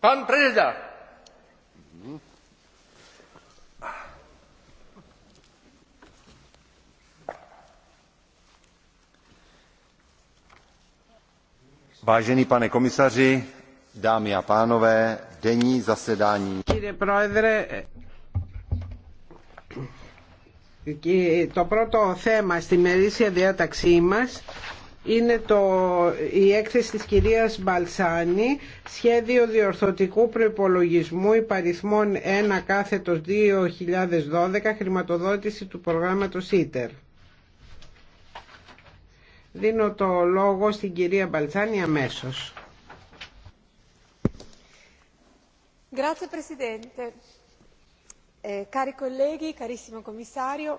Pan Preda. Vážený pane komisaři, dámy a pánové, denní zasedání. το πρώτο θέμα στη μερίσια διάταξή μας είναι το, η έκθεση της κυρίας Μπαλσάνη σχέδιο διορθωτικού προϋπολογισμού υπαριθμών 1 κάθετος 2012 χρηματοδότηση του προγράμματος ΙΤΕΡ. Δίνω το λόγο στην κυρία Μπαλσάνη αμέσως. Grazie Presidente. Eh, cari colleghi, carissimo Commissario,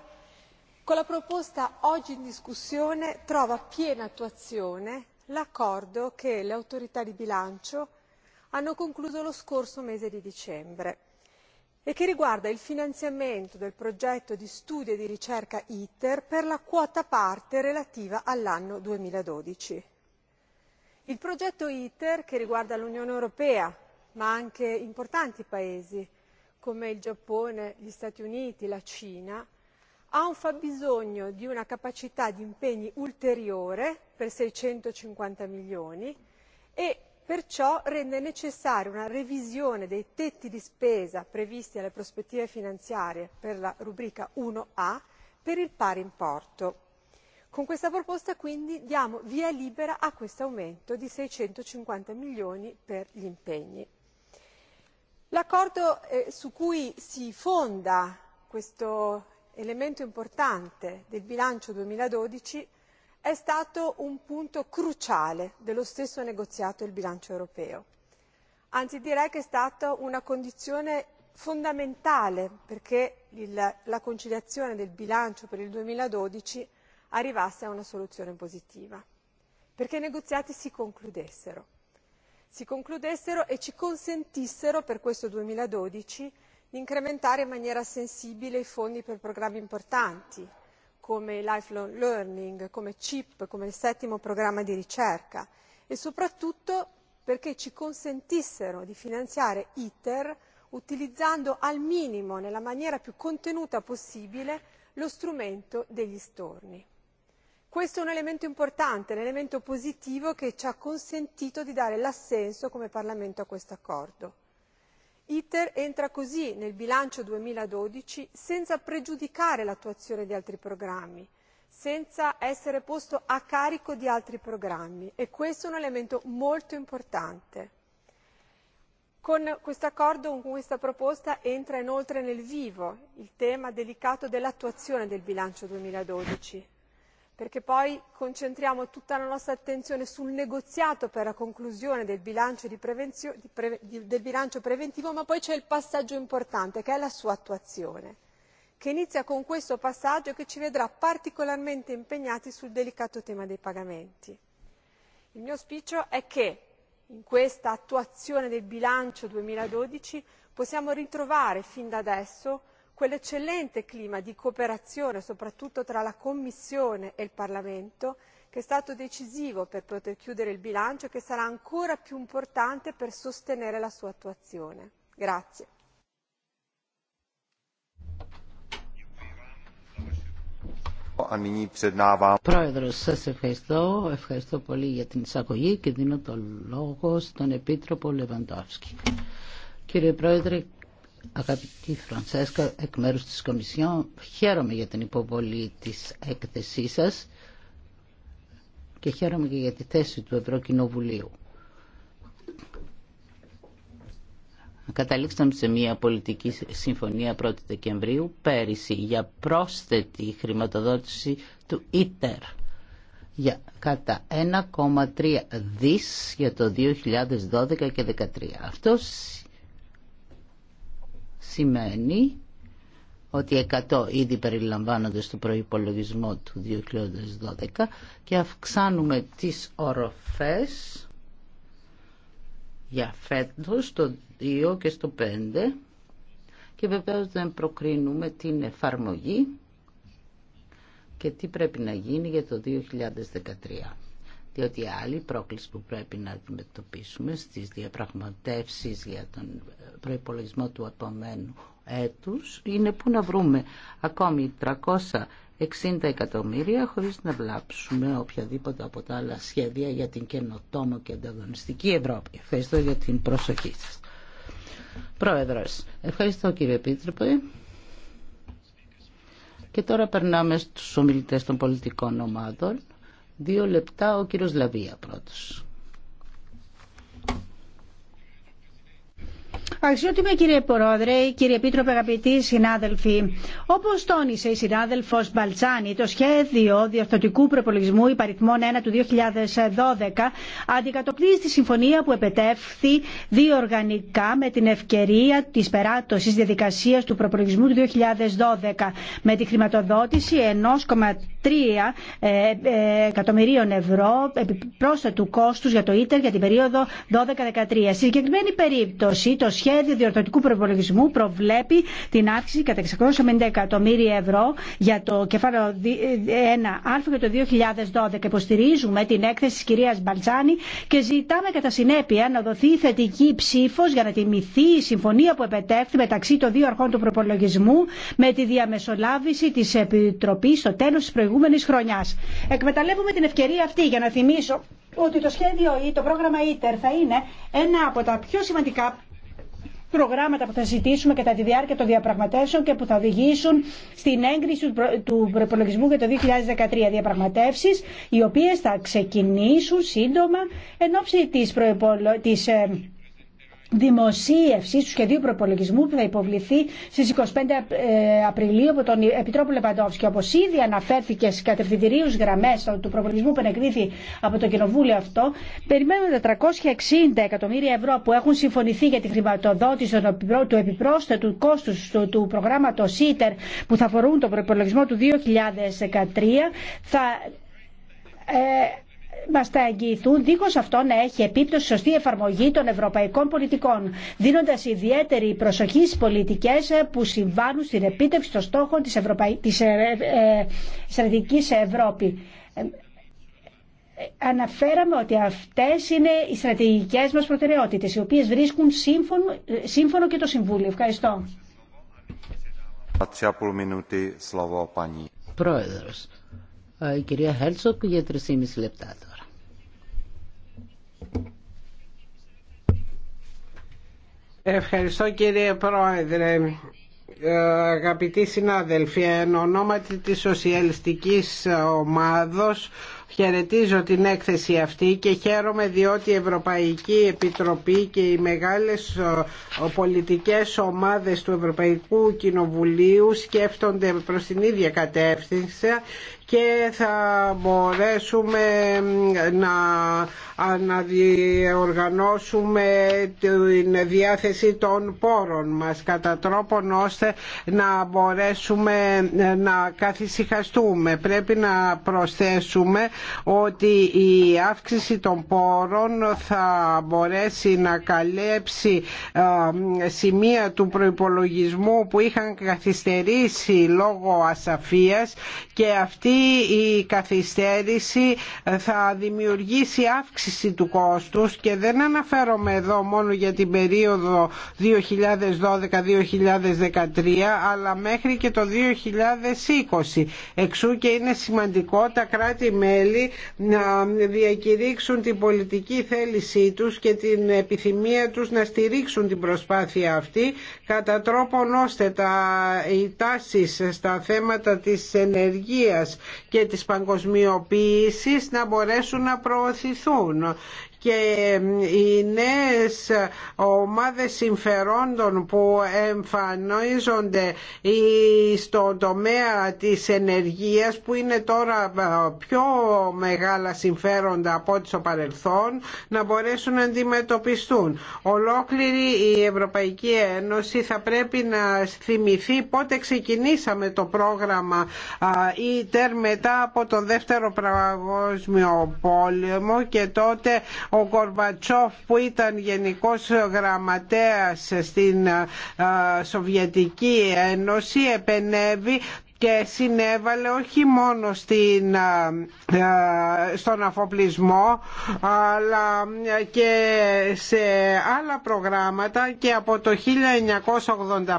con la proposta oggi in discussione trova piena attuazione l'accordo che le autorità di bilancio hanno concluso lo scorso mese di dicembre e che riguarda il finanziamento del progetto di studio e di ricerca iter per la quota parte relativa all'anno. duemiladodici il progetto iter che riguarda l'unione europea ma anche importanti paesi come il giappone gli stati uniti la cina Ha un fabbisogno di una capacità di impegni ulteriore per 650 milioni e perciò rende necessaria una revisione dei tetti di spesa previsti alle prospettive finanziarie per la rubrica 1 a per il pari importo. con questa proposta quindi diamo via libera a questo aumento di 650 milioni per gli impegni. l'accordo su cui si fonda questo elemento importante del bilancio 2012 è stato un punto cruciale dello stesso negoziato del bilancio europeo anzi direi che è stata una condizione fondamentale perché la conciliazione del bilancio per il 2012 arrivasse a una soluzione positiva perché i negoziati si concludessero si concludessero e ci consentissero per questo 2012? di incrementare in maniera sensibile i fondi per programmi importanti come lifelong learning come cip come il settimo programma di ricerca e soprattutto perché ci consentissero di finanziare iter utilizzando al minimo nella maniera più contenuta possibile lo strumento degli storni. questo è un elemento importante un elemento positivo che ci ha consentito di dare l'assenso come parlamento a questo accordo iter entra così nel bilancio 2012 senza pregiudicare l'attuazione di altri programmi senza essere posto a carico di altri programmi e questo è un elemento molto importante. con questo accordo con questa proposta entra inoltre nel vivo il tema delicato dell'attuazione del bilancio 2012 perché poi concentriamo tutta la nostra attenzione sul negoziato per la conclusione del bilancio preventivo ma poi c'è il passaggio importante che è la sua attuazione che inizia con questo passaggio che ci vedrà particolarmente impegnati sul delicato tema dei pagamenti. il mio auspicio è che in questa attuazione del bilancio 2012 possiamo ritrovare fin da adesso quell'eccellente clima di cooperazione soprattutto tra la commissione e il parlamento che è stato decisivo per poter chiudere il bilancio e che sarà ancora più importante per sostenere la sua attuazione. Αγαπητή Φρανσέσκα, εκ μέρους της Κομισιόν, χαίρομαι για την υποβολή της έκθεσής σας και χαίρομαι και για τη θέση του Ευρωκοινοβουλίου. Καταλήξαμε σε μια πολιτική συμφωνία 1η Δεκεμβρίου πέρυσι για πρόσθετη χρηματοδότηση του ΙΤΕΡ για κατά 1,3 δις για το 2012 και 2013. Αυτός σημαίνει ότι 100 ήδη περιλαμβάνονται στο προϋπολογισμό του 2012 και αυξάνουμε τις οροφές για φέτος το 2 και στο 5 και βεβαίως δεν προκρίνουμε την εφαρμογή και τι πρέπει να γίνει για το 2013 διότι άλλη πρόκληση που πρέπει να αντιμετωπίσουμε στις διαπραγματεύσεις για τον ε, προϋπολογισμό του επόμενου έτους είναι που να βρούμε ακόμη 360 εκατομμύρια χωρίς να βλάψουμε οποιαδήποτε από τα άλλα σχέδια για την καινοτόμο και ανταγωνιστική Ευρώπη. Ευχαριστώ για την προσοχή σας. Πρόεδρος, ευχαριστώ κύριε Επίτροπε. Και τώρα περνάμε στους ομιλητές των πολιτικών ομάδων. Δύο λεπτά ο κύριος Λαβία πρώτος. Αξιότιμε κύριε Πρόεδρε, κύριε Επίτροπε, αγαπητοί συνάδελφοι, όπω τόνισε η συνάδελφο Μπαλτσάνη, το σχέδιο διορθωτικού προπολογισμού υπαριθμών 1 του 2012 αντικατοπτρίζει τη συμφωνία που επετεύχθη διοργανικά με την ευκαιρία τη περάτωση διαδικασία του προπολογισμού του 2012 με τη χρηματοδότηση 1,3 ε, ε, εκατομμυρίων ευρώ πρόσθετου κόστου για το ΙΤΕΡ για την περίοδο 12-13. Συγκεκριμένη περίπτωση, το σχέδιο σχέδιο διορθωτικού προπολογισμού προβλέπει την αύξηση κατά 650 εκατομμύρια ευρώ για το κεφάλαιο 1α για το 2012. Υποστηρίζουμε την έκθεση τη κυρία Μπαλτσάνη και ζητάμε κατά συνέπεια να δοθεί θετική ψήφο για να τιμηθεί η συμφωνία που επετέφθη μεταξύ των δύο αρχών του προπολογισμού με τη διαμεσολάβηση τη Επιτροπή στο τέλο τη προηγούμενη χρονιά. Εκμεταλλεύουμε την ευκαιρία αυτή για να θυμίσω ότι το σχέδιο ή το πρόγραμμα ITER θα είναι ένα από τα πιο σημαντικά προγράμματα που θα ζητήσουμε κατά τη διάρκεια των διαπραγματεύσεων και που θα οδηγήσουν στην έγκριση του προπολογισμού για το 2013. Διαπραγματεύσεις οι οποίες θα ξεκινήσουν σύντομα εν ώψη της, ε, δημοσίευση του σχεδίου προπολογισμού που θα υποβληθεί στι 25 ε, Απριλίου από τον Επιτρόπο Λεπαντόφσκι. όπω ήδη αναφέρθηκε στι κατευθυντηρίου γραμμέ του προπολογισμού που ενεκρίθη από το Κοινοβούλιο αυτό, περιμένουμε 460 εκατομμύρια ευρώ που έχουν συμφωνηθεί για τη χρηματοδότηση του επιπρόσθετου κόστου του, του προγράμματος ΣΥΤΕΡ που θα αφορούν τον προπολογισμό του 2013 θα ε, Μα τα εγγυηθούν δίχως αυτό να έχει επίπτωση σωστή εφαρμογή των ευρωπαϊκών πολιτικών, δίνοντας ιδιαίτερη προσοχή στι πολιτικές που συμβάνουν στην επίτευξη των στόχων της, Ευρωπαϊ... της ε, ε, Ευρώπη. Ε, αναφέραμε ότι αυτές είναι οι στρατηγικές μας προτεραιότητες, οι οποίες βρίσκουν σύμφωνο, σύμφωνο και το Συμβούλιο. Ευχαριστώ. Πρόεδρος, ε, η κυρία Χέρτσοκ για 3,5 λεπτά τώρα. Ευχαριστώ κύριε Πρόεδρε. Ε, αγαπητοί συνάδελφοι, εν ονόματι της σοσιαλιστικής ομάδος χαιρετίζω την έκθεση αυτή και χαίρομαι διότι η Ευρωπαϊκή Επιτροπή και οι μεγάλες ε, πολιτικές ομάδες του Ευρωπαϊκού Κοινοβουλίου σκέφτονται προς την ίδια κατεύθυνση και θα μπορέσουμε να αναδιοργανώσουμε την διάθεση των πόρων μας κατά τρόπον ώστε να μπορέσουμε να καθησυχαστούμε. Πρέπει να προσθέσουμε ότι η αύξηση των πόρων θα μπορέσει να καλέψει σημεία του προϋπολογισμού που είχαν καθυστερήσει λόγω ασαφίας και αυτή η καθυστέρηση θα δημιουργήσει αύξηση του κόστους και δεν αναφέρομαι εδώ μόνο για την περίοδο 2012-2013 αλλά μέχρι και το 2020. Εξού και είναι σημαντικό τα κράτη-μέλη να διακηρύξουν την πολιτική θέλησή τους και την επιθυμία τους να στηρίξουν την προσπάθεια αυτή κατά τρόπον ώστε τα, οι τάσεις στα θέματα της ενεργείας και της παγκοσμιοποίησης να μπορέσουν να προωθηθούν και οι νέες ομάδες συμφερόντων που εμφανίζονται στον τομέα της ενεργείας που είναι τώρα ε, πιο μεγάλα συμφέροντα από ό,τι στο παρελθόν να μπορέσουν να αντιμετωπιστούν. Ολόκληρη η Ευρωπαϊκή Ένωση θα πρέπει να θυμηθεί πότε ξεκινήσαμε το πρόγραμμα τέρ μετά από τον Δεύτερο Παγκόσμιο Πόλεμο και τότε ο Κορβατσόφ που ήταν γενικός γραμματέας στην Σοβιετική Ένωση επενεύει και συνέβαλε όχι μόνο στην, στον αφοπλισμό αλλά και σε άλλα προγράμματα και από το 1985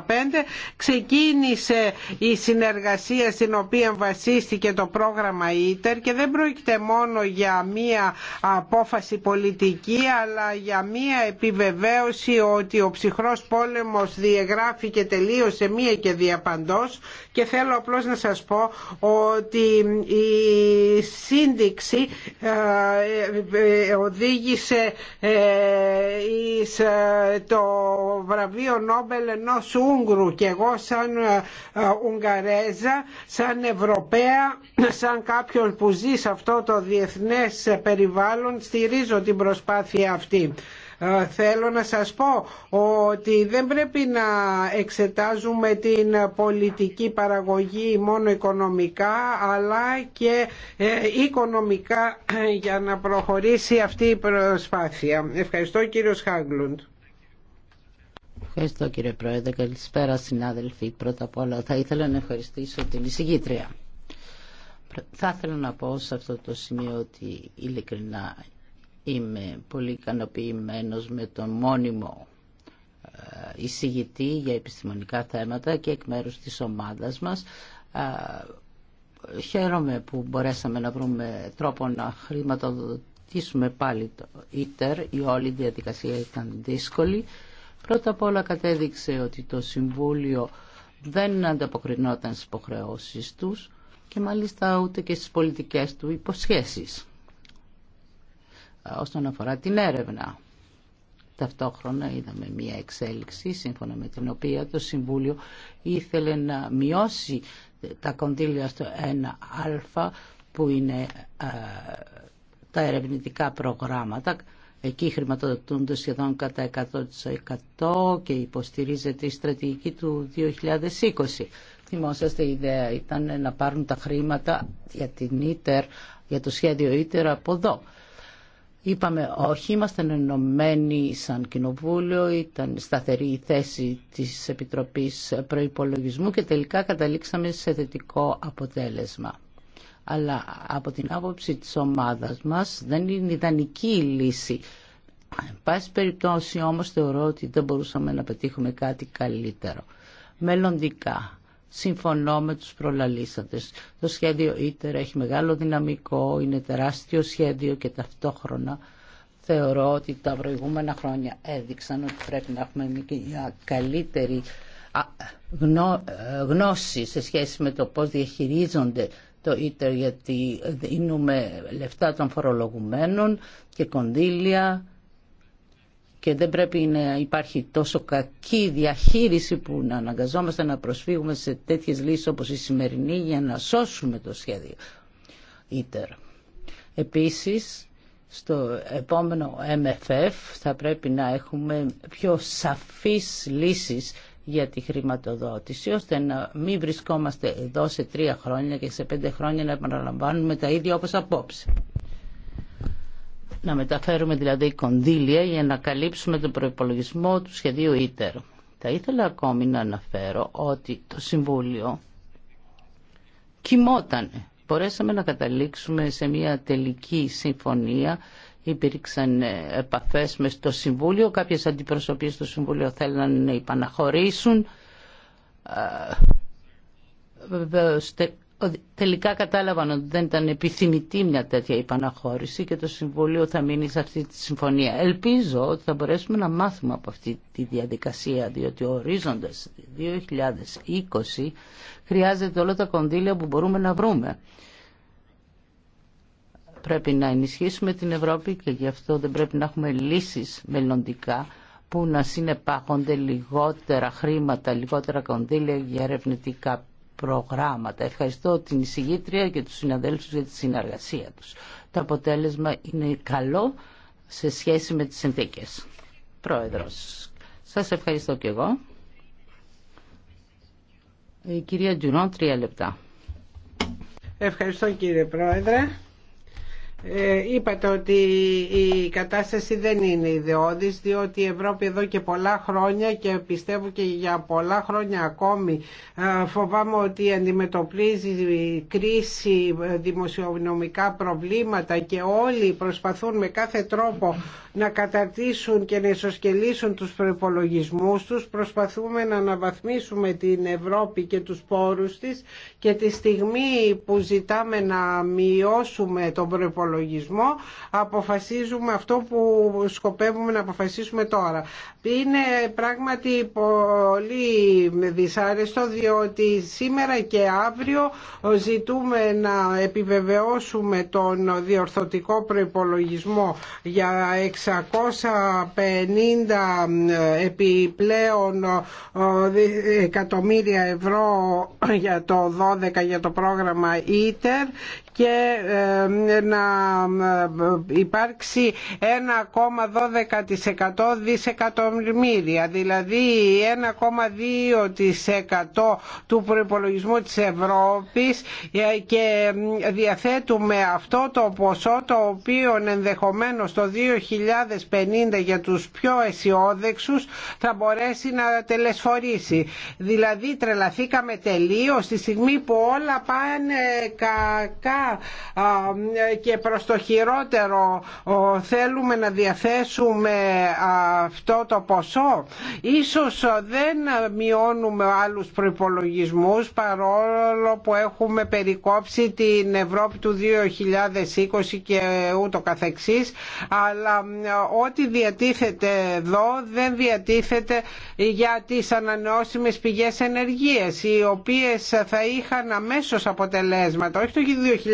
ξεκίνησε η συνεργασία στην οποία βασίστηκε το πρόγραμμα ITER και δεν πρόκειται μόνο για μία απόφαση πολιτική αλλά για μία επιβεβαίωση ότι ο ψυχρός πόλεμος διεγράφηκε τελείως σε μία και διαπαντός και θέλω απλώς να σας πω ότι η σύνδεξη ε, ε, ε, οδήγησε το βραβείο Νόμπελ ενός Ούγγρου και εγώ σαν Ουγγαρέζα, σαν Ευρωπαία, σαν κάποιον που ζει σε αυτό το διεθνές περιβάλλον στηρίζω την προσπάθεια αυτή. Ε, θέλω να σας πω ότι δεν πρέπει να εξετάζουμε την πολιτική παραγωγή μόνο οικονομικά αλλά και ε, οικονομικά ε, για να προχωρήσει αυτή η προσπάθεια. Ευχαριστώ κύριο Χάγκλουντ. Ευχαριστώ κύριε Πρόεδρε. Καλησπέρα συνάδελφοι. Πρώτα απ' όλα θα ήθελα να ευχαριστήσω την εισηγήτρια. Θα ήθελα να πω σε αυτό το σημείο ότι ειλικρινά Είμαι πολύ ικανοποιημένο με τον μόνιμο ε, εισηγητή για επιστημονικά θέματα και εκ μέρους της ομάδας μας. Ε, χαίρομαι που μπορέσαμε να βρούμε τρόπο να χρηματοδοτήσουμε πάλι το ΙΤΕΡ. Η όλη διαδικασία ήταν δύσκολη. Πρώτα απ' όλα κατέδειξε ότι το Συμβούλιο δεν ανταποκρινόταν στις υποχρεώσεις τους και μάλιστα ούτε και στις πολιτικές του υποσχέσεις όσον αφορά την έρευνα. Ταυτόχρονα είδαμε μία εξέλιξη σύμφωνα με την οποία το Συμβούλιο ήθελε να μειώσει τα κονδύλια στο 1α που είναι ε, τα ερευνητικά προγράμματα. Εκεί χρηματοδοτούνται σχεδόν κατά 100% και υποστηρίζεται η στρατηγική του 2020. Θυμόσαστε η ιδέα ήταν να πάρουν τα χρήματα για την για το σχέδιο ίτερ από εδώ. Είπαμε όχι, ήμασταν ενωμένοι σαν κοινοβούλιο, ήταν σταθερή η θέση της Επιτροπής Προϋπολογισμού και τελικά καταλήξαμε σε θετικό αποτέλεσμα. Αλλά από την άποψη της ομάδας μας δεν είναι ιδανική η λύση. Εν πάση περιπτώσει όμως θεωρώ ότι δεν μπορούσαμε να πετύχουμε κάτι καλύτερο. Μελλοντικά συμφωνώ με τους προλαλήσαντες. Το σχέδιο Ίτερ έχει μεγάλο δυναμικό, είναι τεράστιο σχέδιο και ταυτόχρονα θεωρώ ότι τα προηγούμενα χρόνια έδειξαν ότι πρέπει να έχουμε μια καλύτερη ε, γνώση σε σχέση με το πώς διαχειρίζονται το Ίτερ γιατί δίνουμε λεφτά των φορολογουμένων και κονδύλια και δεν πρέπει να υπάρχει τόσο κακή διαχείριση που να αναγκαζόμαστε να προσφύγουμε σε τέτοιες λύσεις όπως η σημερινή για να σώσουμε το σχέδιο ΙΤΕΡ. Επίσης, στο επόμενο MFF θα πρέπει να έχουμε πιο σαφείς λύσεις για τη χρηματοδότηση, ώστε να μην βρισκόμαστε εδώ σε τρία χρόνια και σε πέντε χρόνια να επαναλαμβάνουμε τα ίδια όπως απόψε να μεταφέρουμε δηλαδή κονδύλια για να καλύψουμε τον προϋπολογισμό του σχεδίου ΙΤΕΡ. Θα ήθελα ακόμη να αναφέρω ότι το Συμβούλιο κοιμότανε. Μπορέσαμε να καταλήξουμε σε μια τελική συμφωνία. Υπήρξαν ε, επαφές με στο Συμβούλιο. Κάποιες αντιπροσωπείες στο Συμβούλιο θέλαν να υπαναχωρήσουν ε, τελικά κατάλαβαν ότι δεν ήταν επιθυμητή μια τέτοια υπαναχώρηση και το Συμβούλιο θα μείνει σε αυτή τη συμφωνία. Ελπίζω ότι θα μπορέσουμε να μάθουμε από αυτή τη διαδικασία, διότι ο ορίζοντας 2020 χρειάζεται όλα τα κονδύλια που μπορούμε να βρούμε. Πρέπει να ενισχύσουμε την Ευρώπη και γι' αυτό δεν πρέπει να έχουμε λύσεις μελλοντικά που να συνεπάγονται λιγότερα χρήματα, λιγότερα κονδύλια για ερευνητικά προγράμματα. Ευχαριστώ την εισηγήτρια και τους συναδέλφους για τη συνεργασία τους. Το αποτέλεσμα είναι καλό σε σχέση με τις συνθήκες. Πρόεδρος, σας ευχαριστώ και εγώ. Η κυρία Τζουνό, τρία λεπτά. Ευχαριστώ κύριε Πρόεδρε. Ε, είπατε ότι η κατάσταση δεν είναι ιδεώδης διότι η Ευρώπη εδώ και πολλά χρόνια και πιστεύω και για πολλά χρόνια ακόμη ε, φοβάμαι ότι αντιμετωπίζει κρίση, ε, δημοσιονομικά προβλήματα και όλοι προσπαθούν με κάθε τρόπο να καταρτήσουν και να ισοσκελίσουν τους προπολογισμού τους προσπαθούμε να αναβαθμίσουμε την Ευρώπη και τους πόρους της και τη στιγμή που ζητάμε να μειώσουμε τον προπολογισμό αποφασίζουμε αυτό που σκοπεύουμε να αποφασίσουμε τώρα. Είναι πράγματι πολύ δυσάρεστο διότι σήμερα και αύριο ζητούμε να επιβεβαιώσουμε τον διορθωτικό προϋπολογισμό για 650 επιπλέον ε, εκατομμύρια ευρώ για το 12 για το πρόγραμμα ITER και ε, να ε, υπάρξει 1,12% δισεκατομμύρια δηλαδή 1,2% του προϋπολογισμού της Ευρώπης ε, και διαθέτουμε αυτό το ποσό το οποίο ενδεχομένως το 2050 για τους πιο αισιόδεξου θα μπορέσει να τελεσφορήσει δηλαδή τρελαθήκαμε τελείως τη στιγμή που όλα πάνε κακά και προς το χειρότερο θέλουμε να διαθέσουμε αυτό το ποσό. Ίσως δεν μειώνουμε άλλους προϋπολογισμούς παρόλο που έχουμε περικόψει την Ευρώπη του 2020 και ούτω καθεξής αλλά ό,τι διατίθεται εδώ δεν διατίθεται για τις ανανεώσιμες πηγές ενεργείας οι οποίες θα είχαν αμέσως αποτελέσματα όχι το 2050-2080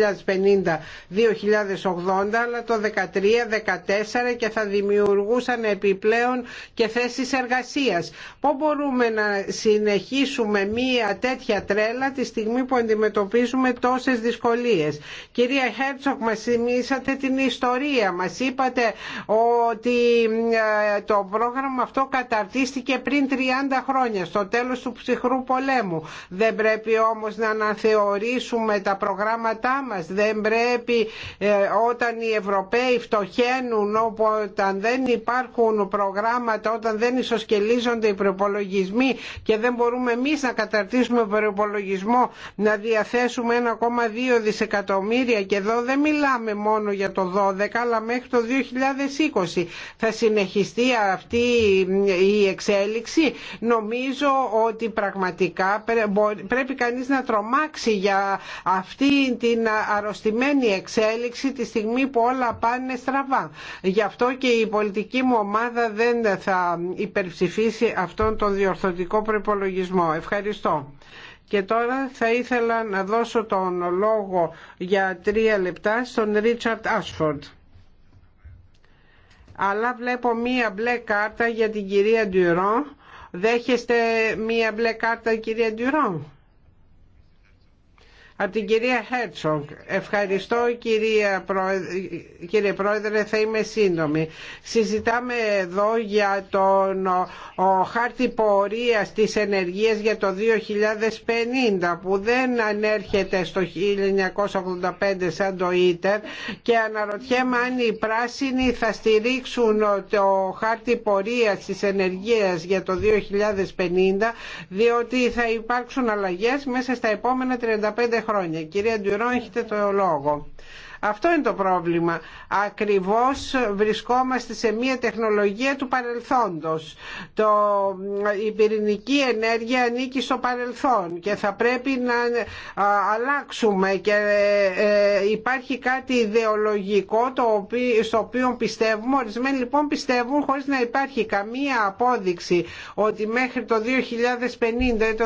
αλλά το 13-14 και θα δημιουργούσαν επιπλέον και θέσεις εργασίας. Πώς μπορούμε να συνεχίσουμε μία τέτοια τρέλα τη στιγμή που αντιμετωπίζουμε τόσες δυσκολίες. Κυρία Χέρτσοκ, μα θυμήσατε την ιστορία. Μας είπατε ότι ε, το πρόγραμμα αυτό καταρτίστηκε πριν 30 χρόνια, στο τέλος του ψυχρού πολέμου. Δεν πρέπει όμως να αναθεωρήσουμε τα προγράμματά δεν πρέπει ε, όταν οι Ευρωπαίοι φτωχαίνουν όταν δεν υπάρχουν προγράμματα όταν δεν ισοσκελίζονται οι προπολογισμοί και δεν μπορούμε εμείς να καταρτήσουμε προπολογισμό να διαθέσουμε 1,2 δισεκατομμύρια και εδώ δεν μιλάμε μόνο για το 12 αλλά μέχρι το 2020 θα συνεχιστεί αυτή η εξέλιξη νομίζω ότι πραγματικά πρέπει κανείς να τρομάξει για αυτή την αρρωστημένη εξέλιξη τη στιγμή που όλα πάνε στραβά. Γι' αυτό και η πολιτική μου ομάδα δεν θα υπερψηφίσει αυτόν τον διορθωτικό προπολογισμό. Ευχαριστώ. Και τώρα θα ήθελα να δώσω τον λόγο για τρία λεπτά στον Ρίτσαρτ Άσφορντ. Αλλά βλέπω μία μπλε κάρτα για την κυρία Ντουρόν. Δέχεστε μία μπλε κάρτα κυρία Ντουρόν. Από την κυρία Χέρτσογκ. Ευχαριστώ κυρία Πρόεδρε, κύριε Πρόεδρε, θα είμαι σύντομη. Συζητάμε εδώ για τον ο, χάρτη πορείας της ενεργείας για το 2050 που δεν ανέρχεται στο 1985 σαν το ίτερ και αναρωτιέμαι αν οι πράσινοι θα στηρίξουν το χάρτη πορείας της ενεργείας για το 2050 διότι θα υπάρξουν αλλαγές μέσα στα επόμενα 35 χρόνια χρόνια. Κυρία Ντουρό, έχετε το λόγο. Αυτό είναι το πρόβλημα. Ακριβώς βρισκόμαστε σε μια τεχνολογία του παρελθόντος. Το, η πυρηνική ενέργεια ανήκει στο παρελθόν και θα πρέπει να αλλάξουμε και ε, υπάρχει κάτι ιδεολογικό το οποίο, στο οποίο πιστεύουμε. Ορισμένοι λοιπόν πιστεύουν χωρίς να υπάρχει καμία απόδειξη ότι μέχρι το 2050 ή το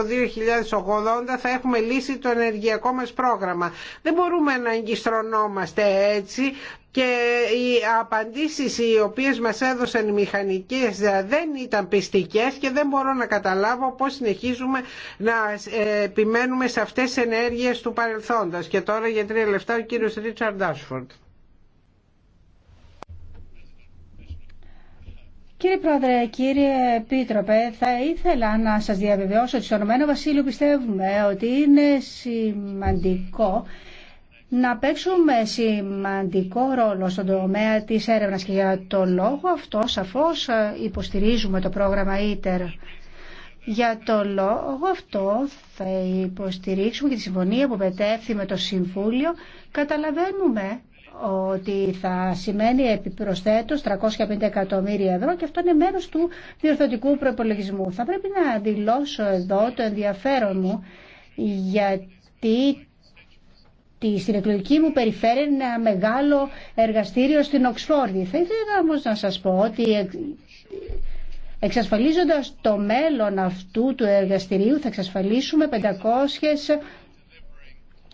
2080 θα έχουμε λύσει το ενεργειακό μας πρόγραμμα. Δεν μπορούμε να εγκιστρωνόμαστε είμαστε έτσι και οι απαντήσεις οι οποίες μας έδωσαν οι μηχανικές δεν ήταν πιστικές και δεν μπορώ να καταλάβω πώς συνεχίζουμε να επιμένουμε σε αυτές τις ενέργειες του παρελθόντος. Και τώρα για τρία λεφτά ο κύριος Ρίτσαρντ Άσφορντ. Κύριε Πρόεδρε, κύριε Επίτροπε, θα ήθελα να σας διαβεβαιώσω ότι στο Ηνωμένο Βασίλειο πιστεύουμε ότι είναι σημαντικό να παίξουμε σημαντικό ρόλο στον τομέα της έρευνας και για το λόγο αυτό σαφώς ε, υποστηρίζουμε το πρόγραμμα ITER. Για το λόγο αυτό θα υποστηρίξουμε και τη συμφωνία που πετεύθη με το Συμβούλιο. Καταλαβαίνουμε ότι θα σημαίνει επιπροσθέτως 350 εκατομμύρια ευρώ και αυτό είναι μέρος του διορθωτικού προπολογισμού. Θα πρέπει να δηλώσω εδώ το ενδιαφέρον μου γιατί στην εκλογική μου περιφέρει ένα μεγάλο εργαστήριο στην Οξφόρδη. Θα ήθελα όμως να σας πω ότι εξασφαλίζοντας το μέλλον αυτού του εργαστηρίου θα εξασφαλίσουμε 500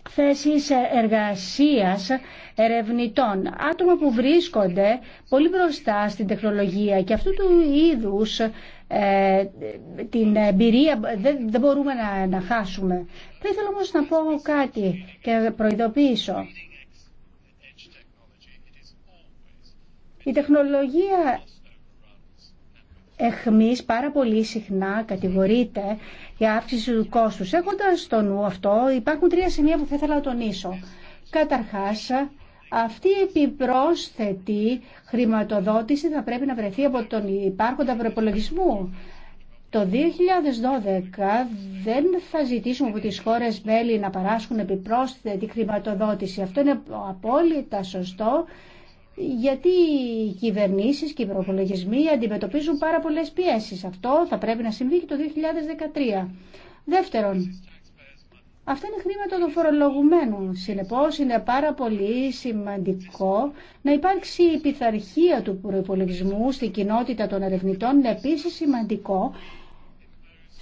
θέσεις εργασίας ερευνητών, άτομα που βρίσκονται πολύ μπροστά στην τεχνολογία και αυτού του είδους ε, την εμπειρία δεν, δεν μπορούμε να, να χάσουμε. Θα ήθελα όμως να πω κάτι και να προειδοποιήσω. Η τεχνολογία εχμής πάρα πολύ συχνά κατηγορείται για αύξηση του κόστου. Έχοντα στο νου αυτό υπάρχουν τρία σημεία που θα ήθελα να τονίσω. Καταρχά, αυτή η επιπρόσθετη χρηματοδότηση θα πρέπει να βρεθεί από τον υπάρχοντα προπολογισμό. Το 2012 δεν θα ζητήσουμε από τις χώρες μέλη να παράσχουν επιπρόσθετη χρηματοδότηση. Αυτό είναι απόλυτα σωστό γιατί οι κυβερνήσεις και οι προπολογισμοί αντιμετωπίζουν πάρα πολλές πιέσεις. Αυτό θα πρέπει να συμβεί και το 2013. Δεύτερον, Αυτά είναι χρήματα των φορολογουμένων. Συνεπώς είναι πάρα πολύ σημαντικό να υπάρξει η πειθαρχία του προπολογισμού στην κοινότητα των ερευνητών. Είναι επίσης σημαντικό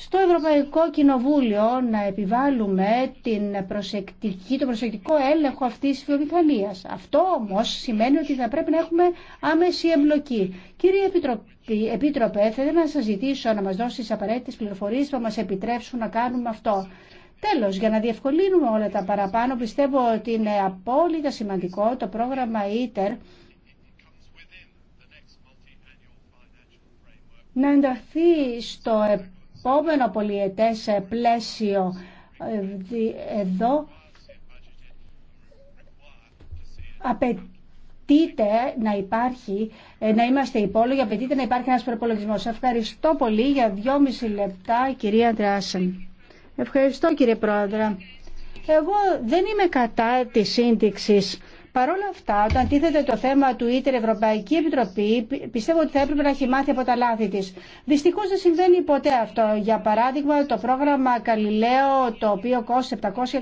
στο Ευρωπαϊκό Κοινοβούλιο να επιβάλλουμε την προσεκτική, το προσεκτικό έλεγχο αυτής της βιομηχανίας. Αυτό όμως σημαίνει ότι θα πρέπει να έχουμε άμεση εμπλοκή. Κύριε Επιτροπή, Επίτροπε, θα να σας ζητήσω να μας δώσει τις απαραίτητες πληροφορίες που μας επιτρέψουν να κάνουμε αυτό. Τέλος, για να διευκολύνουμε όλα τα παραπάνω, πιστεύω ότι είναι απόλυτα σημαντικό το πρόγραμμα ITER να ενταχθεί στο επόμενο επόμενο πολιετές ε, πλαίσιο ε, εδώ απαιτείται να υπάρχει, ε, να είμαστε υπόλογοι, απαιτείται να υπάρχει ένας προπολογισμός. Ευχαριστώ πολύ για δυόμιση λεπτά, κυρία Αντράσεν Ευχαριστώ κύριε Πρόεδρε. Εγώ δεν είμαι κατά της σύνδεξης Παρ' όλα αυτά, όταν τίθεται το θέμα του ΙΤΕΡ Ευρωπαϊκή Επιτροπή, πιστεύω ότι θα έπρεπε να έχει μάθει από τα λάθη τη. Δυστυχώ δεν συμβαίνει ποτέ αυτό. Για παράδειγμα, το πρόγραμμα Καλλιλέο, το οποίο κόστησε 700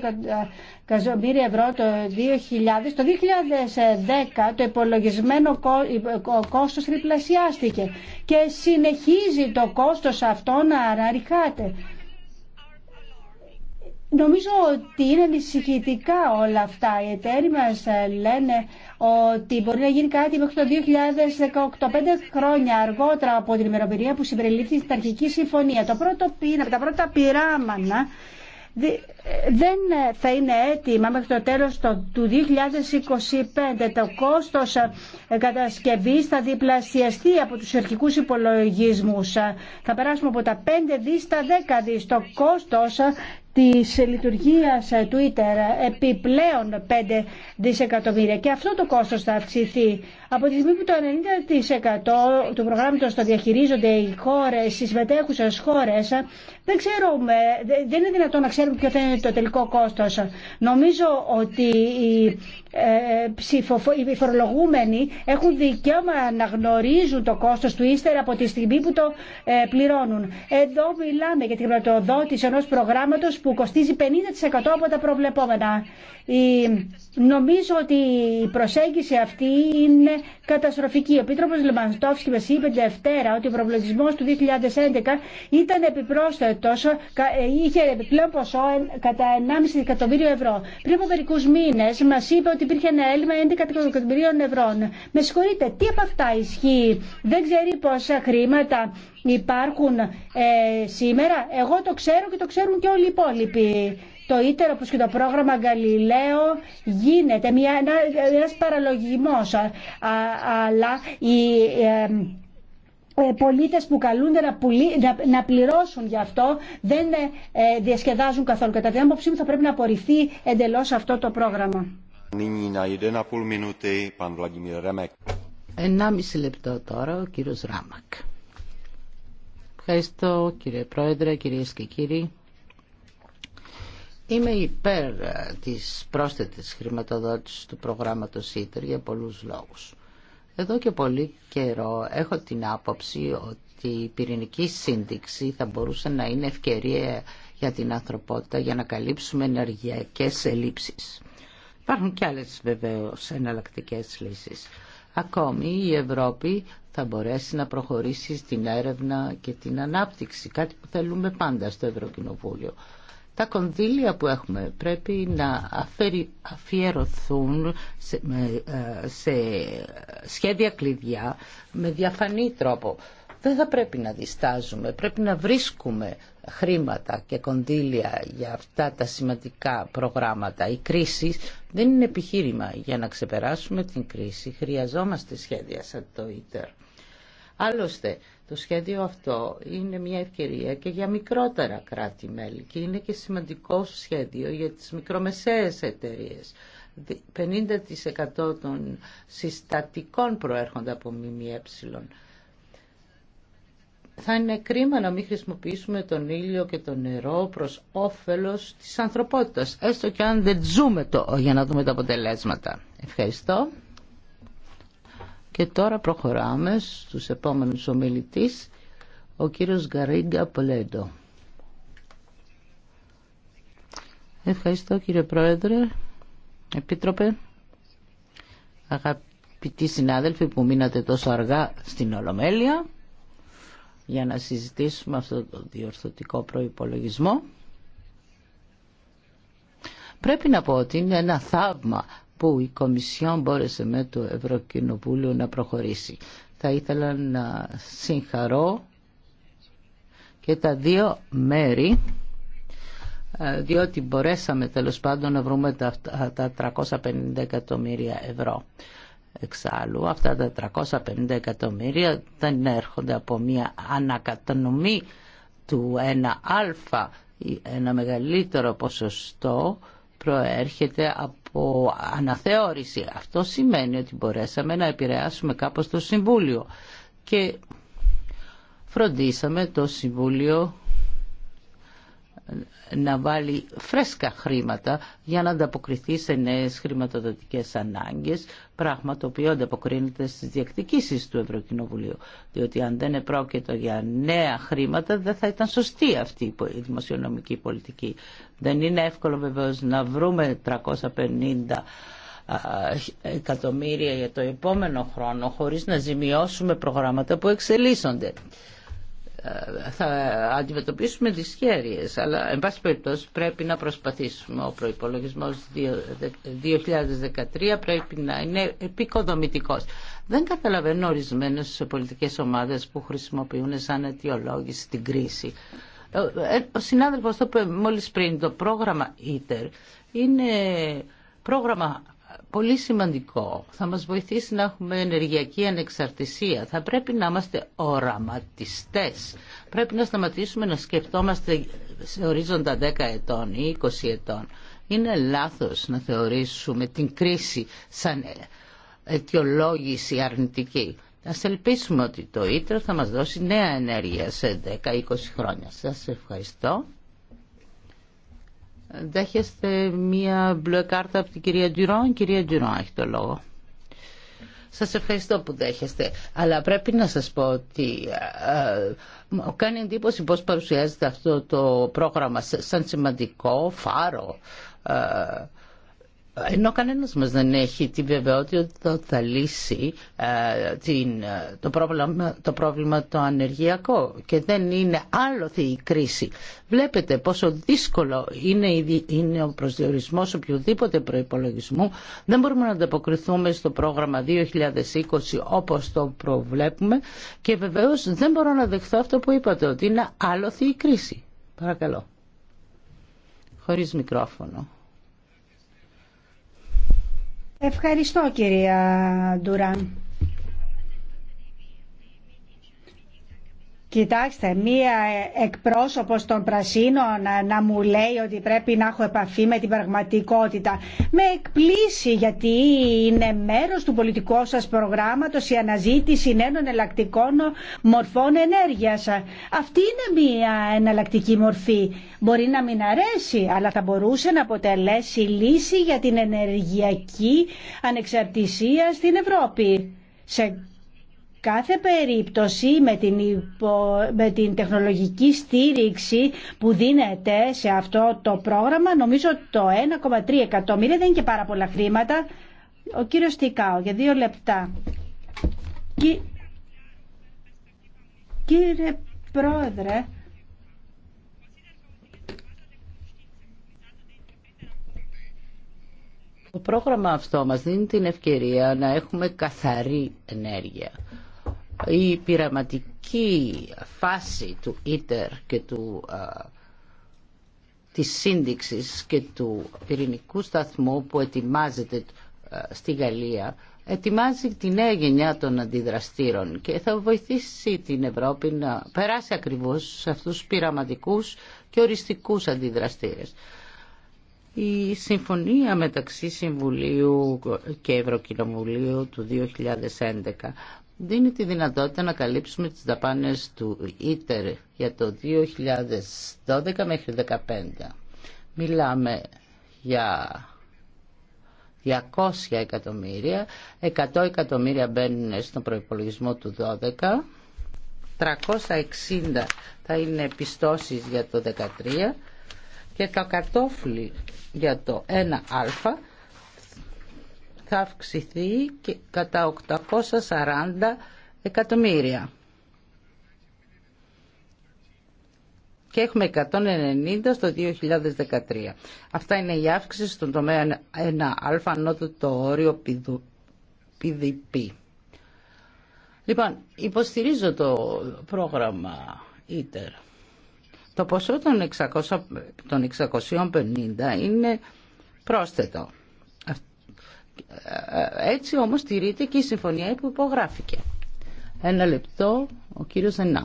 εκατομμύρια ευρώ το 2000, το 2010 το υπολογισμένο κόστο τριπλασιάστηκε και συνεχίζει το κόστο αυτό να αναρριχάται. Νομίζω ότι είναι ανησυχητικά όλα αυτά. Οι εταίροι μας ε, λένε ότι μπορεί να γίνει κάτι μέχρι το 2018, πέντε χρόνια αργότερα από την ημερομηνία που συμπεριλήφθη στην αρχική συμφωνία. Το πρώτο πίνα, τα πρώτα πειράμανα δεν ε, θα είναι έτοιμα μέχρι το τέλος του 2025. Το κόστος ε, κατασκευής θα διπλασιαστεί από τους αρχικούς υπολογισμούς. Θα περάσουμε από τα 5 δις στα 10 δις. Το της λειτουργίας ε, Twitter ε, επιπλέον 5 δισεκατομμύρια και αυτό το κόστος θα αυξηθεί. Από τη στιγμή που το 90% του προγράμματος το διαχειρίζονται οι χώρες, οι συμμετέχουσες χώρες, δεν ξέρουμε, δεν είναι δυνατόν να ξέρουμε ποιο θα είναι το τελικό κόστος. Νομίζω ότι οι, ε, οι φορολογούμενοι έχουν δικαίωμα να γνωρίζουν το κόστος του ύστερα από τη στιγμή που το ε, πληρώνουν. Εδώ μιλάμε για την πρωτοδότηση ενός προγράμματος που κοστίζει 50% από τα προβλεπόμενα. νομίζω ότι η προσέγγιση αυτή είναι καταστροφική. Ο Πίτροπο Λεμαντόφσκι μα είπε Δευτέρα ότι ο προβλεπισμό του 2011 ήταν επιπρόσθετο, ε, είχε επιπλέον ποσό κατά 1,5 εκατομμύριο ευρώ. Πριν από μερικού μήνε μα είπε ότι υπήρχε ένα έλλειμμα 11 εκατομμυρίων ευρώ. Με συγχωρείτε, τι από αυτά ισχύει. Δεν ξέρει πόσα χρήματα υπάρχουν ε, σήμερα. Εγώ το ξέρω και το ξέρουν και όλοι οι υπόλοιποι. Το ίτερο όπως και το πρόγραμμα Γαλιλαίο γίνεται μια, ένα, ένας παραλογισμός. αλλά οι ε, ε, πολίτες που καλούνται να, πληρώσουν γι' αυτό δεν ε, διασκεδάζουν καθόλου. Κατά την άποψή μου θα πρέπει να απορριφθεί εντελώς αυτό το πρόγραμμα. μισή λεπτό τώρα ο κύριος Ράμακ. Ευχαριστώ κύριε Πρόεδρε, κυρίες και κύριοι. Είμαι υπέρ ε, της πρόσθετης χρηματοδότησης του προγράμματος ίτερ για πολλούς λόγους. Εδώ και πολύ καιρό έχω την άποψη ότι η πυρηνική σύνδεξη θα μπορούσε να είναι ευκαιρία για την ανθρωπότητα για να καλύψουμε ενεργειακές ελλείψεις. Υπάρχουν και άλλες βεβαίως εναλλακτικέ λύσεις ακόμη η Ευρώπη θα μπορέσει να προχωρήσει στην έρευνα και την ανάπτυξη, κάτι που θέλουμε πάντα στο Ευρωκοινοβούλιο. Τα κονδύλια που έχουμε πρέπει να αφιερωθούν σε, ε, σε σχέδια κλειδιά με διαφανή τρόπο. Δεν θα πρέπει να διστάζουμε, πρέπει να βρίσκουμε χρήματα και κονδύλια για αυτά τα σημαντικά προγράμματα. Η κρίση δεν είναι επιχείρημα. Για να ξεπεράσουμε την κρίση χρειαζόμαστε σχέδια σαν το ΙΤΕΡ. Άλλωστε, το σχέδιο αυτό είναι μια ευκαιρία και για μικρότερα κράτη-μέλη και είναι και σημαντικό σχέδιο για τις μικρομεσαίες εταιρείες. 50% των συστατικών προέρχονται από ΜΜΕ. Θα είναι κρίμα να μην χρησιμοποιήσουμε τον ήλιο και το νερό προς όφελος της ανθρωπότητας, έστω και αν δεν ζούμε το για να δούμε τα αποτελέσματα. Ευχαριστώ. Και τώρα προχωράμε στους επόμενους ομιλητής, ο κύριος Γκαρίγκα Πολέντο. Ευχαριστώ κύριε Πρόεδρε, Επίτροπε, αγαπητοί συνάδελφοι που μείνατε τόσο αργά στην Ολομέλεια για να συζητήσουμε αυτό το διορθωτικό προϋπολογισμό. Πρέπει να πω ότι είναι ένα θαύμα που η Κομισιόν μπόρεσε με το Ευρωκοινοβούλιο να προχωρήσει. Θα ήθελα να συγχαρώ και τα δύο μέρη ε, διότι μπορέσαμε τέλος πάντων να βρούμε τα 350 εκατομμύρια ευρώ. Εξάλλου αυτά τα 350 εκατομμύρια δεν έρχονται από μια ανακατανομή του 1α ένα μεγαλύτερο ποσοστό προέρχεται από αναθεώρηση. Αυτό σημαίνει ότι μπορέσαμε να επηρεάσουμε κάπως το Συμβούλιο και φροντίσαμε το Συμβούλιο να βάλει φρέσκα χρήματα για να ανταποκριθεί σε νέες χρηματοδοτικές ανάγκες, πράγμα το οποίο ανταποκρίνεται στις διεκδικήσεις του Ευρωκοινοβουλίου. Διότι αν δεν επρόκειτο για νέα χρήματα δεν θα ήταν σωστή αυτή η δημοσιονομική πολιτική. Δεν είναι εύκολο βεβαίως να βρούμε 350 εκατομμύρια για το επόμενο χρόνο χωρίς να ζημιώσουμε προγράμματα που εξελίσσονται θα αντιμετωπίσουμε δυσχέρειες αλλά εν πάση περιπτώσει πρέπει να προσπαθήσουμε ο προϋπολογισμός 2013 πρέπει να είναι επικοδομητικός δεν καταλαβαίνω ορισμένε πολιτικές ομάδες που χρησιμοποιούν σαν αιτιολόγηση την κρίση ε, ε, ο συνάδελφος το είπε μόλις πριν το πρόγραμμα ITER είναι πρόγραμμα πολύ σημαντικό. Θα μας βοηθήσει να έχουμε ενεργειακή ανεξαρτησία. Θα πρέπει να είμαστε οραματιστές. Πρέπει να σταματήσουμε να σκεφτόμαστε σε ορίζοντα 10 ετών ή 20 ετών. Είναι λάθος να θεωρήσουμε την κρίση σαν αιτιολόγηση αρνητική. Α ελπίσουμε ότι το Ήτρα θα μας δώσει νέα ενέργεια σε 10-20 χρόνια. Σας ευχαριστώ. Δέχεστε μία μπλε κάρτα από την κυρία Ντυρόν. Κυρία Ντυρόν έχει το λόγο. Σας ευχαριστώ που δέχεστε. Αλλά πρέπει να σας πω ότι μου ε, ε, κάνει εντύπωση πώς παρουσιάζεται αυτό το πρόγραμμα σαν σημαντικό φάρο. Ε, ενώ κανένας μας δεν έχει τη βεβαιότητα ότι θα λύσει ε, ε, το, πρόβλημα, το πρόβλημα το ανεργειακό και δεν είναι άλλοθη η κρίση. Βλέπετε πόσο δύσκολο είναι, είναι ο προσδιορισμός οποιοδήποτε προϋπολογισμού. Δεν μπορούμε να ανταποκριθούμε στο πρόγραμμα 2020 όπως το προβλέπουμε και βεβαίως δεν μπορώ να δεχθώ αυτό που είπατε ότι είναι άλλοθη η κρίση. Παρακαλώ. Χωρίς μικρόφωνο. Ευχαριστώ κυρία Ντουράν. Κοιτάξτε, μία εκπρόσωπος των Πρασίνων να μου λέει ότι πρέπει να έχω επαφή με την πραγματικότητα. Με εκπλήσει γιατί είναι μέρος του πολιτικού σας προγράμματος η αναζήτηση νέων εναλλακτικών μορφών ενέργειας. Αυτή είναι μία εναλλακτική μορφή. Μπορεί να μην αρέσει, αλλά θα μπορούσε να αποτελέσει λύση για την ενεργειακή ανεξαρτησία στην Ευρώπη κάθε περίπτωση με την, με την τεχνολογική στήριξη που δίνεται σε αυτό το πρόγραμμα νομίζω το 1,3 εκατομμύρια δεν είναι και πάρα πολλά χρήματα. Ο κύριος Τικάο για δύο λεπτά. Κυ... Κύριε Πρόεδρε, Το πρόγραμμα αυτό μας δίνει την ευκαιρία να έχουμε καθαρή ενέργεια η πειραματική φάση του ΙΤΕΡ και του, της σύνδεξης και του πυρηνικού σταθμού που ετοιμάζεται στη Γαλλία ετοιμάζει τη νέα γενιά των αντιδραστήρων και θα βοηθήσει την Ευρώπη να περάσει ακριβώς σε αυτούς τους πειραματικούς και οριστικούς αντιδραστήρες. Η συμφωνία μεταξύ Συμβουλίου και Ευρωκοινοβουλίου του 2011 δίνει τη δυνατότητα να καλύψουμε τις δαπάνες του ΙΤΕΡ για το 2012 μέχρι 2015. Μιλάμε για 200 εκατομμύρια, 100 εκατομμύρια μπαίνουν στον προϋπολογισμό του 12, 360 θα είναι πιστώσεις για το 13 και τα κατόφλι για το 1α θα αυξηθεί κατά 840 εκατομμύρια. και έχουμε 190 στο 2013. Αυτά είναι η αύξηση στον τομέα 1α νότου το όριο PDP. Λοιπόν, υποστηρίζω το πρόγραμμα ITER. Το ποσό των 650 είναι πρόσθετο. Έτσι όμως τηρείται και η συμφωνία που υπογράφηκε. Ένα λεπτό, ο κύριος Ενά.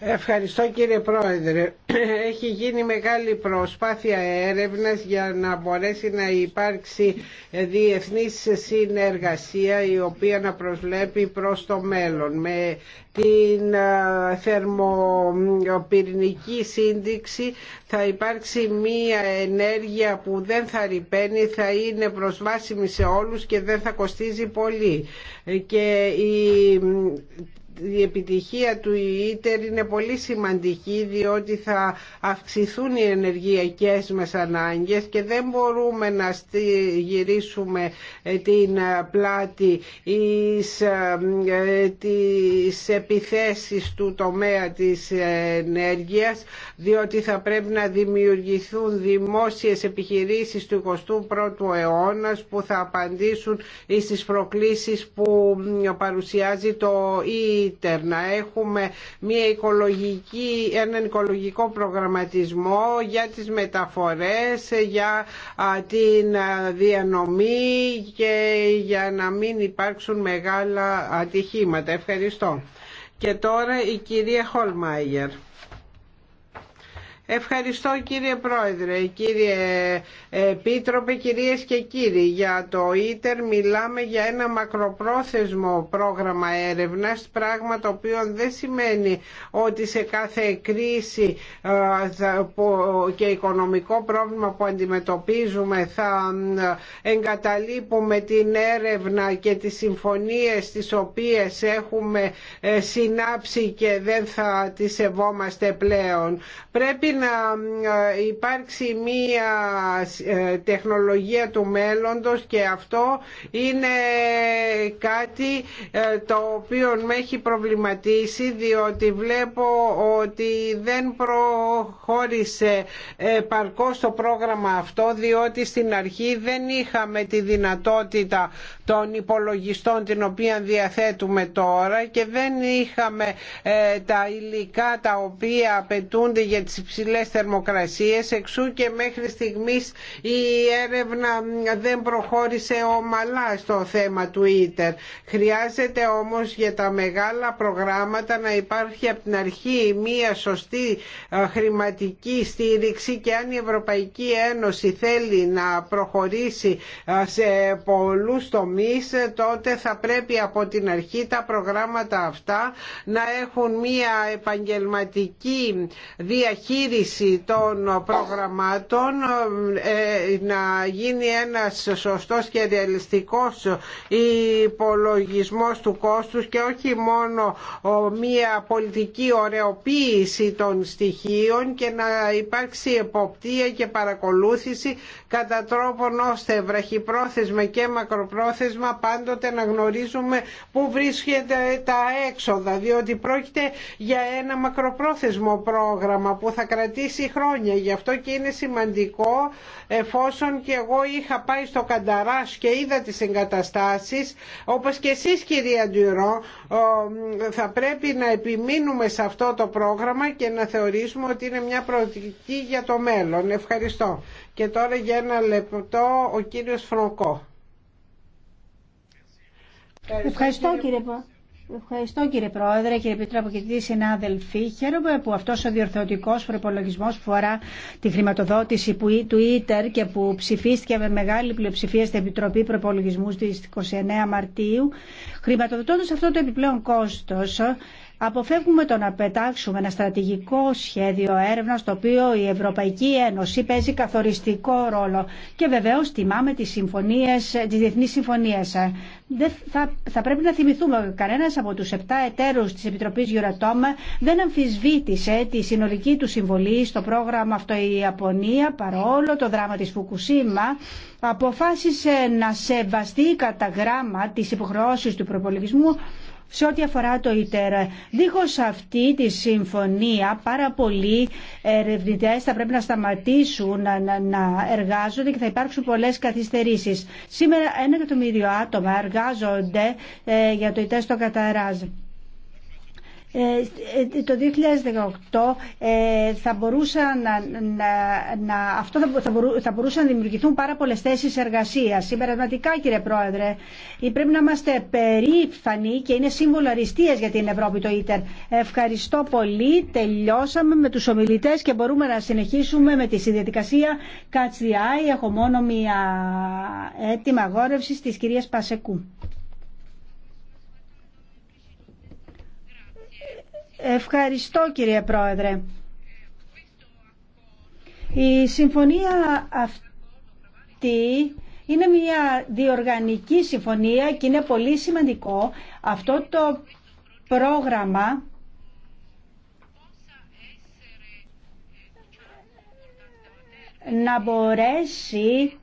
Ευχαριστώ κύριε Πρόεδρε. Έχει γίνει μεγάλη προσπάθεια έρευνας για να μπορέσει να υπάρξει διεθνής συνεργασία η οποία να προσβλέπει προς το μέλλον. Με την θερμοπυρηνική σύνδεξη θα υπάρξει μία ενέργεια που δεν θα ρηπαίνει, θα είναι προσβάσιμη σε όλους και δεν θα κοστίζει πολύ. Και η η επιτυχία του ΙΤΕΡ είναι πολύ σημαντική διότι θα αυξηθούν οι ενεργειακές μας ανάγκες και δεν μπορούμε να γυρίσουμε ε, την ε, πλάτη της ε, τις επιθέσεις του τομέα της ενέργειας διότι θα πρέπει να δημιουργηθούν δημόσιες επιχειρήσεις του 21ου αιώνα που θα απαντήσουν στις προκλήσεις που παρουσιάζει το ΙΤΕΡ να έχουμε μια οικολογική, έναν οικολογικό προγραμματισμό για τις μεταφορές, για την διανομή και για να μην υπάρξουν μεγάλα ατυχήματα. Ευχαριστώ. Και τώρα η κυρία Χολμάγερ. Ευχαριστώ κύριε Πρόεδρε, κύριε Επίτροπε, κυρίες και κύριοι. Για το ΊΤΕΡ μιλάμε για ένα μακροπρόθεσμο πρόγραμμα έρευνας, πράγμα το οποίο δεν σημαίνει ότι σε κάθε κρίση και οικονομικό πρόβλημα που αντιμετωπίζουμε θα εγκαταλείπουμε την έρευνα και τις συμφωνίες τις οποίες έχουμε ε, συνάψει και δεν θα τις σεβόμαστε πλέον. Πρέπει να ε, υπάρξει μία ε, τεχνολογία του μέλλοντος και αυτό είναι κάτι ε, το οποίο με έχει προβληματίσει διότι βλέπω ότι δεν προχώρησε παρκώς το πρόγραμμα αυτό διότι στην αρχή δεν είχαμε τη δυνατότητα των υπολογιστών την οποία διαθέτουμε τώρα και δεν είχαμε τα υλικά τα οποία απαιτούνται για τις υψηλές θερμοκρασίες εξού και μέχρι στιγμής η έρευνα δεν προχώρησε ομαλά στο θέμα του ίτερ. Χρειάζεται όμως για τα μεγάλα προγράμματα να υπάρχει από την αρχή μία σωστή ε, χρηματική στήριξη και αν η Ευρωπαϊκή Ένωση θέλει να προχωρήσει ε, σε πολλούς τομείς ε, τότε θα πρέπει από την αρχή τα προγράμματα αυτά να έχουν μία επαγγελματική διαχείριση των προγραμμάτων ε, να γίνει ένας σωστός και ρεαλιστικός υπολογισμός του κόστους και όχι μόνο μία πολιτική ωρεοποίηση των στοιχείων και να υπάρξει εποπτεία και παρακολούθηση κατά τρόπον ώστε βραχυπρόθεσμα και μακροπρόθεσμα πάντοτε να γνωρίζουμε πού βρίσκεται τα έξοδα διότι πρόκειται για ένα μακροπρόθεσμο πρόγραμμα που θα κρατήσει κρατήσει χρόνια. Γι' αυτό και είναι σημαντικό εφόσον και εγώ είχα πάει στο Κανταράς και είδα τις εγκαταστάσεις όπως και εσείς κυρία Ντουρό θα πρέπει να επιμείνουμε σε αυτό το πρόγραμμα και να θεωρήσουμε ότι είναι μια προοδική για το μέλλον. Ευχαριστώ. Και τώρα για ένα λεπτό ο κύριος Φρονκό. Ευχαριστώ, κύριε Ευχαριστώ κύριε Πρόεδρε, κύριε Επιτρόπο και κύριοι συνάδελφοι. Χαίρομαι που αυτός ο διορθωτικός προπολογισμό που αφορά τη χρηματοδότηση του ΙΤΕΡ και που ψηφίστηκε με μεγάλη πλειοψηφία στην Επιτροπή Προπολογισμού στις 29 Μαρτίου, χρηματοδοτώντας αυτό το επιπλέον κόστος, Αποφεύγουμε το να πετάξουμε ένα στρατηγικό σχέδιο έρευνα στο οποίο η Ευρωπαϊκή Ένωση παίζει καθοριστικό ρόλο και βεβαίω τιμάμε τι συμφωνίες, τις διεθνείς συμφωνίες. θα, θα πρέπει να θυμηθούμε ότι κανένα από του 7 εταίρου τη Επιτροπή Euratom δεν αμφισβήτησε τη συνολική του συμβολή στο πρόγραμμα αυτό η Ιαπωνία παρόλο το δράμα τη Φουκουσίμα αποφάσισε να σεβαστεί κατά γράμμα τις υποχρεώσεις του προπολογισμού σε ό,τι αφορά το ΙΤΕΡ. Δίχως αυτή τη συμφωνία πάρα πολλοί ερευνητέ θα πρέπει να σταματήσουν να, να, να, εργάζονται και θα υπάρξουν πολλές καθυστερήσεις. Σήμερα ένα εκατομμύριο άτομα εργάζονται ε, για το ΙΤΕΡ στο Καταράζ. Ε, ε, το 2018 ε, θα μπορούσαν να, να, να αυτό θα, μπορούσαν να δημιουργηθούν πάρα πολλές θέσεις εργασίας. Συμπερασματικά κύριε Πρόεδρε, πρέπει να είμαστε περήφανοι και είναι σύμβολο αριστείας για την Ευρώπη το ΙΤΕΡ. Ευχαριστώ πολύ. Τελειώσαμε με τους ομιλητές και μπορούμε να συνεχίσουμε με τη συνδιαδικασία Catch Έχω μόνο μία έτοιμα αγόρευση της κυρίας Πασεκού. Ευχαριστώ κύριε Πρόεδρε. Η συμφωνία αυτή είναι μια διοργανική συμφωνία και είναι πολύ σημαντικό αυτό το πρόγραμμα να μπορέσει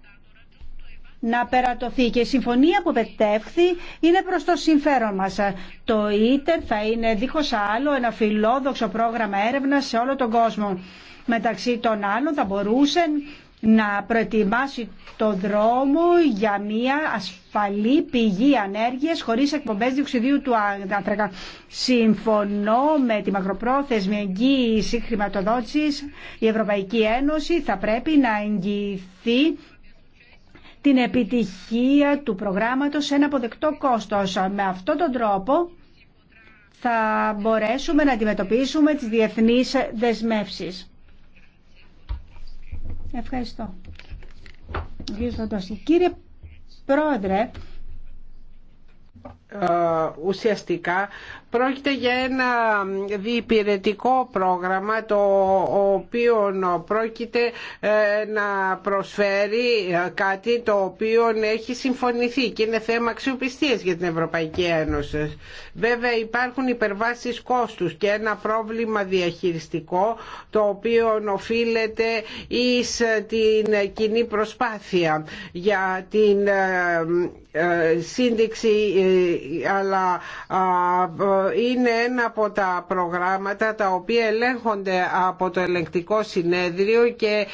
να περατωθεί και η συμφωνία που πετεύχθη είναι προς το συμφέρον μας. Το ΙΤΕΡ θα είναι δίχως άλλο ένα φιλόδοξο πρόγραμμα έρευνας σε όλο τον κόσμο. Μεταξύ των άλλων θα μπορούσε να προετοιμάσει το δρόμο για μια ασφαλή πηγή ανέργειας χωρίς εκπομπές διοξιδίου του άνθρακα. Συμφωνώ με τη μακροπρόθεσμη εγγύηση χρηματοδότησης. Η Ευρωπαϊκή Ένωση θα πρέπει να εγγυηθεί την επιτυχία του προγράμματος σε ένα αποδεκτό κόστος. Με αυτόν τον τρόπο θα μπορέσουμε να αντιμετωπίσουμε τις διεθνείς δεσμεύσεις. Ευχαριστώ. Κύριε Πρόεδρε, ε, ουσιαστικά πρόκειται για ένα διυπηρετικό πρόγραμμα το οποίο πρόκειται ε, να προσφέρει ε, κάτι το οποίο έχει συμφωνηθεί και είναι θέμα αξιοπιστίας για την Ευρωπαϊκή Ένωση. Βέβαια υπάρχουν υπερβάσεις κόστους και ένα πρόβλημα διαχειριστικό το οποίο οφείλεται εις την κοινή προσπάθεια για την σύνδεξη αλλά είναι ένα από τα προγράμματα τα οποία ελέγχονται από το ελεγκτικό συνέδριο και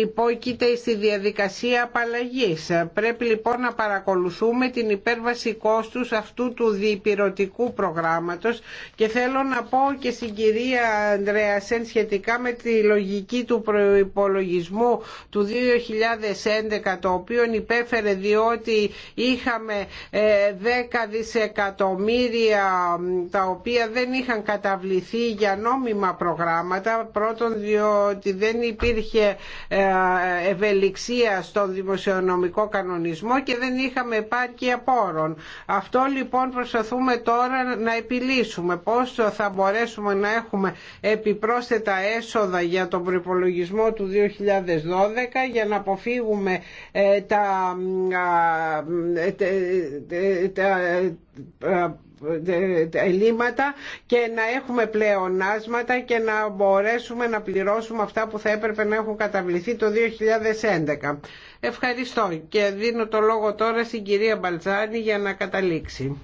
υπόκειται στη διαδικασία απαλλαγής. Πρέπει λοιπόν να παρακολουθούμε την υπέρβαση κόστους αυτού του διπυρωτικού προγράμματος και θέλω να πω και στην κυρία Σεν σχετικά με τη λογική του προϋπολογισμού του 2011 το οποίο υπέφερε διότι είχαμε 10 ε, εκατομμύρια τα οποία δεν είχαν καταβληθεί για νόμιμα προγράμματα πρώτον διότι δεν υπήρχε ε, ευελιξία στον δημοσιονομικό κανονισμό και δεν είχαμε επάρκεια πόρων. Αυτό λοιπόν προσπαθούμε τώρα να επιλύσουμε πώς θα μπορέσουμε να έχουμε επιπρόσθετα έσοδα για τον προπολογισμό του 2012 για να αποφύγουμε ε, τα, ε, τα ε, ε, ελλείμματα και να έχουμε πλεονάσματα και να μπορέσουμε να πληρώσουμε αυτά που θα έπρεπε να έχουν καταβληθεί το 2011. Ευχαριστώ και δίνω το λόγο τώρα στην κυρία Μπαλτζάνη για να καταλήξει.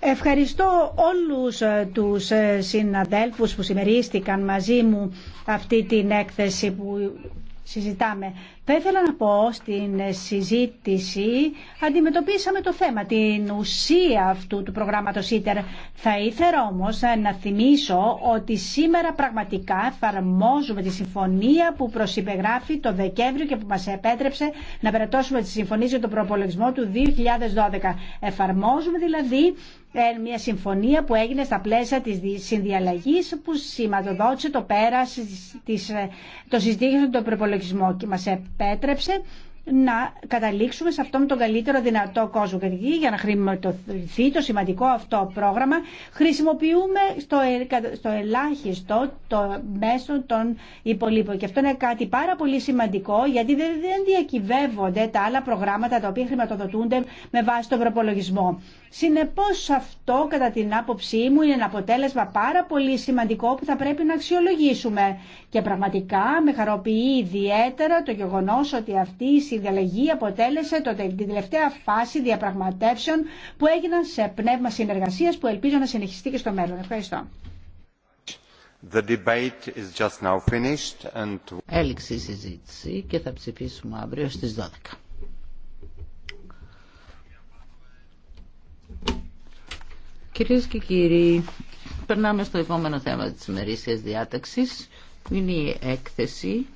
Ευχαριστώ όλους τους συναδέλφους που συμμερίστηκαν μαζί μου αυτή την έκθεση που συζητάμε. Θα ήθελα να πω στην συζήτηση αντιμετωπίσαμε το θέμα, την ουσία αυτού του προγράμματος ίτερ. Θα ήθελα όμως να θυμίσω ότι σήμερα πραγματικά εφαρμόζουμε τη συμφωνία που προσυπεγράφει το Δεκέμβριο και που μας επέτρεψε να περατώσουμε τη συμφωνία για τον προπολογισμό του 2012. Εφαρμόζουμε δηλαδή ε, μια συμφωνία που έγινε στα πλαίσια της συνδιαλλαγής που σηματοδότησε το πέρας της, ε, το συζητήριο του προπολογισμού και μας επέτρεψε να καταλήξουμε σε αυτόν τον καλύτερο δυνατό κόσμο. Γιατί για να χρηματοδοτηθεί το σημαντικό αυτό πρόγραμμα χρησιμοποιούμε στο, ε, στο ελάχιστο το μέσο των υπολείπων. Και αυτό είναι κάτι πάρα πολύ σημαντικό γιατί δεν διακυβεύονται τα άλλα προγράμματα τα οποία χρηματοδοτούνται με βάση τον προπολογισμό. Συνεπώς αυτό κατά την άποψή μου είναι ένα αποτέλεσμα πάρα πολύ σημαντικό που θα πρέπει να αξιολογήσουμε. Και πραγματικά με χαροποιεί ιδιαίτερα το γεγονός ότι αυτή η συνδιαλλαγή αποτέλεσε το, την τελευταία φάση διαπραγματεύσεων που έγιναν σε πνεύμα συνεργασίας που ελπίζω να συνεχιστεί και στο μέλλον. Ευχαριστώ. The debate is just now finished and... Έληξε η συζήτηση και θα ψηφίσουμε αύριο στις 12. Κυρίες και κύριοι, περνάμε στο επόμενο θέμα της ημερήσιας διάταξης, που είναι η έκθεση